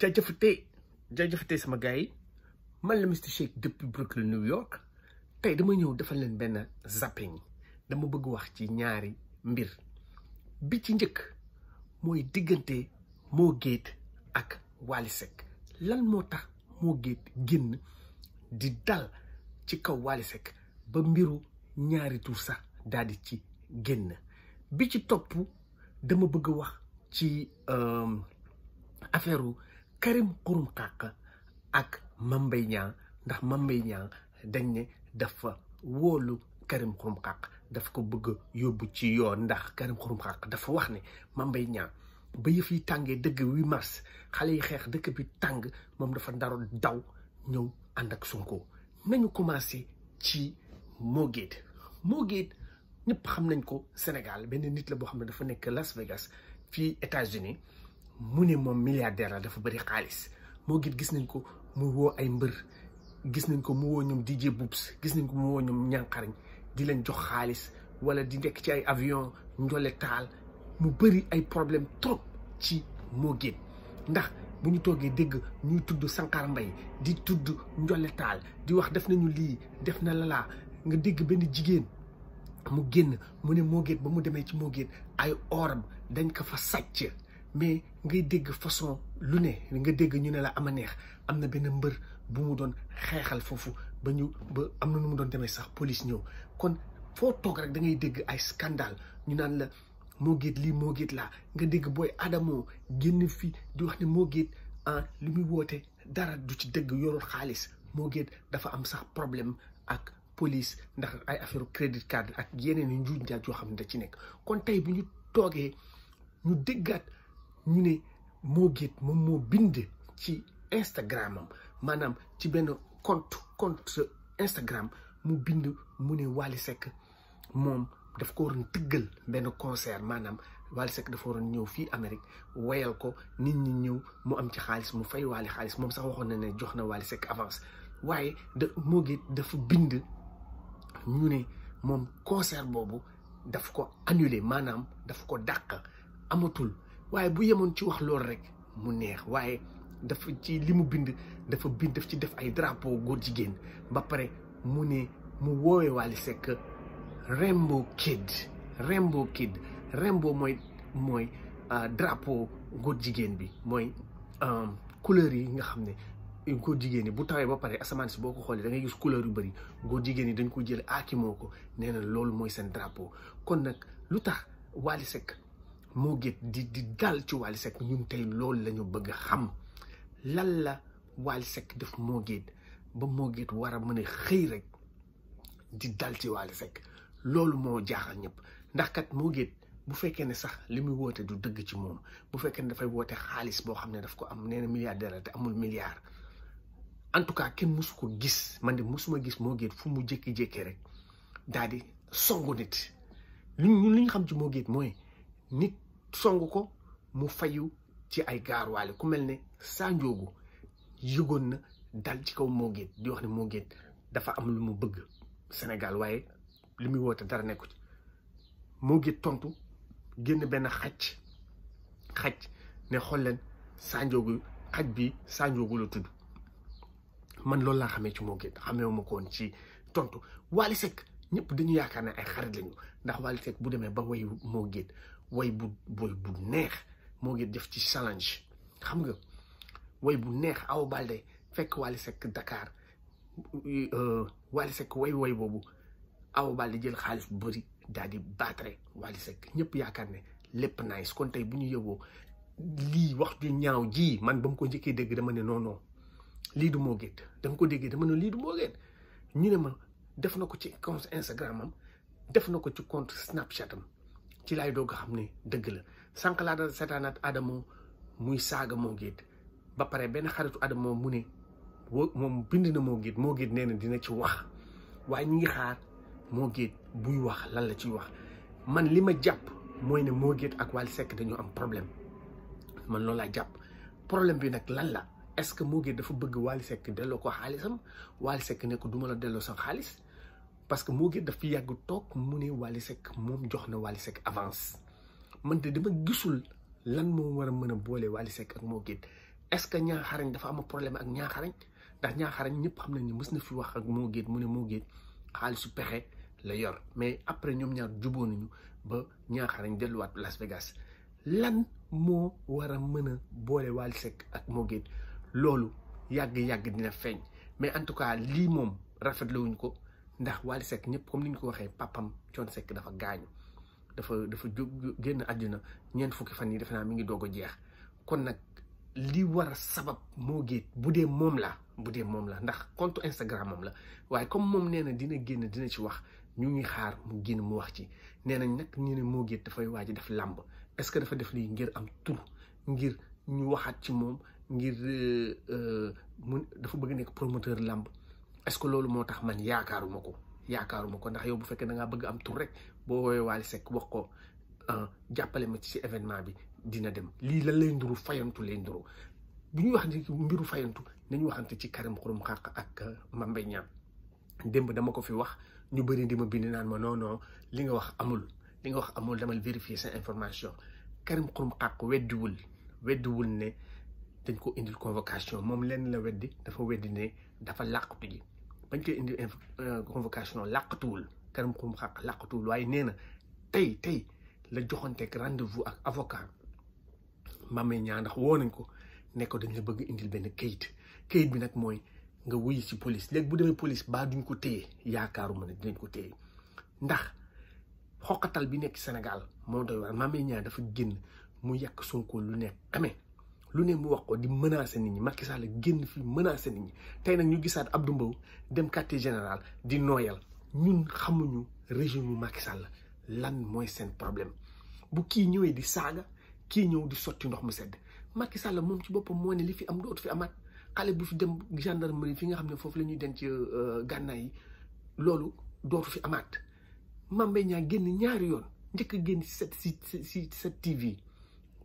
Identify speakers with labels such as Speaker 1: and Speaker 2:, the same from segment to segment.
Speaker 1: jaajëfate jaajëfate sama gars yi man la Mister Shake depuis Brooklyn New York tey dama ñëw defal leen benn zapping dama bëgg wax ci ñaari mbir bi ci njëkk mooy diggante Mo Gates ak Wally lan moo tax moo Gates génn di dal ci kaw Wally ba mbiru ñaari tur sax daal ci génn bi ci topp dama bëgg wax ci euh, affaire Karim Xurum Xaq ak Mame Mbaye ndax Mame Mbaye dañ ne dafa wóolu Karim Xurum Xaq daf ko bëgg yóbbu ci yoon ndax Karim Xurum Xaq dafa wax ne Mame Mbaye Niang ba yëf yi tàngee dëgg wi mars xale yi xeex dëkk bi tàng moom dafa ndaroon daw ñëw ànd ak Sonko nañu commencé ci Mo Gates Mo ñëpp xam nañ ko senegal benn nit la boo xam ne dafa nekk Las Vegas fii États-Unis mu ne moom milliardaire la dafa bari xaalis moo git gis nañ ko mu woo ay mbër gis nañ ko mu woo ñoom DJ Boubs gis nañ ko mu woo ñoom ñànqarañ di leen jox xaalis wala di nekk ci ay avion njole taal mu bari ay problème trop ci moo gét ndax bu ñu toogee dégg ñuy tudd Sankar Mbaye di tudd njole taal di wax def nañu lii def na lalaa nga dégg benn jigéen mu génn mu ne moo gét ba mu demee ci moo gét ay oram dañ ko fa sàcc mais ngay dégg façon lu ne nga dégg ñu ne la am a neex am na benn mbër bu mu doon xeexal foofu ba ñu ba am na nu mu doon demee sax police ñëw kon foo toog rek da dégg ay scandale ñu naan la moo géet lii moo géet laa nga dégg booy Adamo génn fii di wax moo géet ah li muy woote dara du ci dëgg yorul xaalis moo géet dafa am sax problème ak police ndax ay affaire crédit card ak yeneen i njuuj yoo xam ne da ci nekk kon tey bu ñu toogee ñu déggaat ñu ne moo gét moom moo ci Instagram maanaam ci benn compte mu bind mu ne Wally Seck moom daf ko waroon benn concert maanaam Wally Seck dafa waroon ñëw fii Amérique wayal ko nit ñi ñëw mu am ci xaalis mu fay Wally xaalis moom sax waxoon na ne jox na Wally Seck avance waaye da moo gét dafa bind ñu ne boobu daf ko annulé maanaam daf ko dàq amatul waaye bu yemoon ci wax loolu rek mu neex waaye dafa ci li mu bind dafa bind daf ci def ay drapo góor jigéen ba pare mu ne mu woowee Wally Seck Rainbow Kid Rainbow Kid Rainbow mooy mooy euh, drapeau góor jigéen bi mooy euh, couleur yi nga xam ne góor jigéen yi bu tawee ba pare asamaan si boo ko xoolee da ngay gis couleur yu bëri góor jigéen yi dañ ko jël aakimoo ko nee na loolu mooy seen drapeau kon nag lu tax Wally Seck moo gét di di dal ci Wally Seck ñun tey loolu la ñu bëgg xam lan la Wally Seck def moo gét ba moo gét war a mën a xëy rek di dal ci Wally loolu moo jaaxal ñëpp ndax kat moo gét bu fekkee ne sax li muy woote du dëgg ci moom bu fekkee ne dafay woote xaalis boo xam ne daf ko am nee na milliardaire te amul milliard en tout cas kenn mësu ko gis man de mosuma gis moo gét fu mu jékki-jékki rek daal di songu nit li ñu xam ci moo gét mooy nit song ko mu fayu ci ay gaaruwaale ku mel ne saa njoogu yëgoon na dal ci kaw moo géen di wax ne moo géen dafa am lu mu bëgg senegal waaye li muy woote dara nekku ci moo géen tontu génn benn xaj xaj ne xool leen saa xaj bi saa njoogu tudd man loolu laa xamee ci moo géen xameewu ma ko ci tontu Wally Seck ñépp dañu yaakaar ne ay xarit lañu ndax Wally Seck bu demee ba way moo géet way bu boy bu neex moo géet def ci challenge xam nga way bu neex aw balde fekk Wally dakaar Dakar euh, Wally Seck way way boobu aw balde jël xaalis bu bëri daal di baatare Wally Seck ñëpp yaakaar ne lépp nice kon tey bu ñu yóbboo lii wax ju ñaaw ji man ba mu ko njëkkee dégg dama ne noonoo non lii du moo géet dama ko déggee dama ne lii du moo géet ñu ne ma def na ko ci compte Instagram am def na ko ci compte Snapchat am ci laay doog a xam ne dëgg la sànq laa dal seetaanaat Adamo muy saaga moo géet ba pare benn xaritu Adamo mu ne moom bind na moo géet moo géet nee na dina ci wax waaye ñu ngi xaar moo géet buy wax lan la ciy wax man li ma jàpp mooy ne moo géet ak Wally Seck dañoo am problème man loolu laa jàpp problème bi nag lan la est-ce que moo géet dafa bëgg Wally delloo ko xaalisam Wally Seck ne ko du la delloo sa xaalis parce que moo gën daf fi yàgg toog mu ne Wally moom jox na Wally Seck avance man te dama gisul lan moo war a mën a boole Wally Seck ak moo gën ce que ñaaxarañ dafa am problème ak ñaaxarañ ndax ñaaxarañ ñëpp xam nañ ne mës na fi wax ak moo gën mu ne moo gën xaalisu pexe la yor mais après ñoom ñaar juboo nañu ba ñaaxarañ delluwaat Las Vegas lan moo war a mën a boole Wally Seck ak moo gën loolu yàgg-yàgg dina feeñ mais en tout cas lii moom rafetlu wuñ ko. ndax Wally Seck ñëpp comme ni ñu ko waxee papam Thione Seck dafa gaañu dafa dafa jóg génn àdduna ñeent fukki fan yi defe naa mi ngi doog a jeex kon nag li war sabab moo géet bu dee moom la bu dee moom la ndax compte Instagram moom la waaye comme moom nee na dina génn dina ci wax ñu ngi xaar mu génn mu wax ci nee nañ nag ñu ne moo géet dafay waaj def làmb est-ce que dafa def lii ngir am tur ngir ñu waxaat ci moom ngir euh, euh, mu dafa bëgg nekk promoteur làmb est-ce que loolu moo tax man yaakaaruma ko yaakaaruma ko ndax yow bu fekkee da ngaa bëgg am tur rek boo woowee Wally Seck wax ko ah, jàppale ma ci événement bi dina dem lii lan lay nduru fayantu lay nduru bu ñuy wax mbiru fayantu nañu waxante ci Karim Xurum Xaq ak ah, Mame Mbaye Niang démb dama ko fi wax ñu bëri di ma bind naan ma non non li nga wax amul li nga wax amul damal vérifier sa information Karim Xurum Xaq weddiwul weddiwul ne dañ ko indil convocation moom leen la weddi dafa weddi ne dafa làqatu ji bañ koy indi euh, convocation làqatuwul kanam xurum xaq làqatuwul waaye nee na tey tey la joxanteeg rendez-vous ak avocat Mame Niang ndax woo nañ ko ne dañ la bëgg indi benn kayit kayit bi nag mooy nga wuy ci police léegi bu demee police baa duñ ko téye yaakaaruma ne dinañ ko téye ndax xoqatal bi nekk Sénégal moo doy waar Mame ñaa dafa génn mu yàq Sonko lu ne amee lu ne mu wax ko di menacer nit ñi Macky Sall génn fii menacer nit ñi tey nag ñu gisaat ab du Mbow dem quartier général di nooyal ñun xamuñu régime yu Macky la lan mooy seen problème bu kii ñëwee di saaga kii ñëw di sotti ndox mu sedd Macky Sall moom ci boppam moo ne li fi am dootu fi amaat xale bi fi dem gendarmerie fi nga xam ne foofu la ñuy denc euh, gànnaay yi loolu dootu fi amaat Mame Mbaye Niang génn ñaari yoon njëkk génn si set si set TV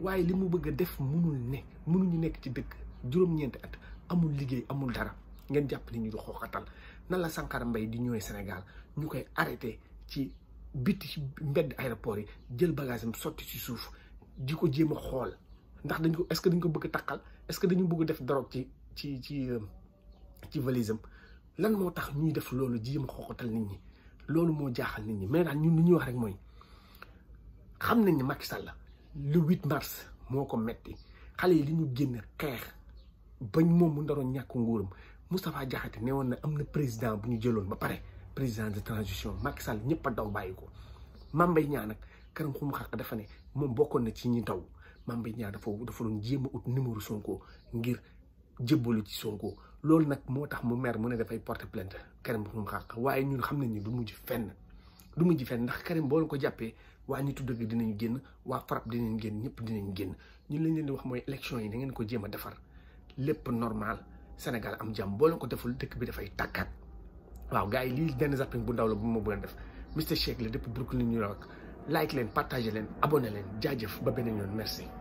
Speaker 1: waaye li mu bëgg a def munul ne munuñu nekk ci dëkk juróom-ñeenti at amul liggéey amul dara ngeen jàpp ni ñu di xooxatal nan la Sankara Mbaye di ñëwee Sénégal ñu koy arrêté ci biti ci mbedd aéroport yi jël bagage am sotti ci suuf di ko jéem a xool ndax dañ ko est-ce que dañ ko bëgg a takkal est-ce que dañu bëgg def drogue ci ci ci euh, ci valise lan moo tax ñuy def loolu jéem a xooxatal nit ñi loolu moo jaaxal nit ñi mais daal ñun li ñuy wax rek mooy xam nañ ne Macky la le 8 mars moo ko metti xale yi li ñu génn xeex bañ moom mu ndaroon ñàkk nguuram Moustapha Diakhaté ne woon na am na président bu ñu jëloon ba pare président de transition Macky ñëpp a bàyyi ko Mame Mbaye Niang nag këram xum dafa ne moom bokkoon na ci ñi daw Mame Mbaye Niang dafa jéem a Sonko ngir jébbalu ci Sonko loolu nag moo tax mu mer mu ne dafay porter plainte këram xum xaq waaye ñun xam nañ ni du mujj fenn du mujj fenn ndax këram boo ko jàppee. waa nitu dëgg dinañ génn waa FRAPP dinañ génn ñëpp dinañ génn ñun lañ leen di wax mooy élection yi da ngeen ko jéem a defar lépp normal Sénégal am jàmm boo leen ko deful dëkk bi dafay tàkkaat waaw gars yi lii benn zapping bu ndaw la bu ma bëgg a def Mister Shake la depuis Brooklyn New York like leen partager leen abone leen jaajëf ba beneen yoon merci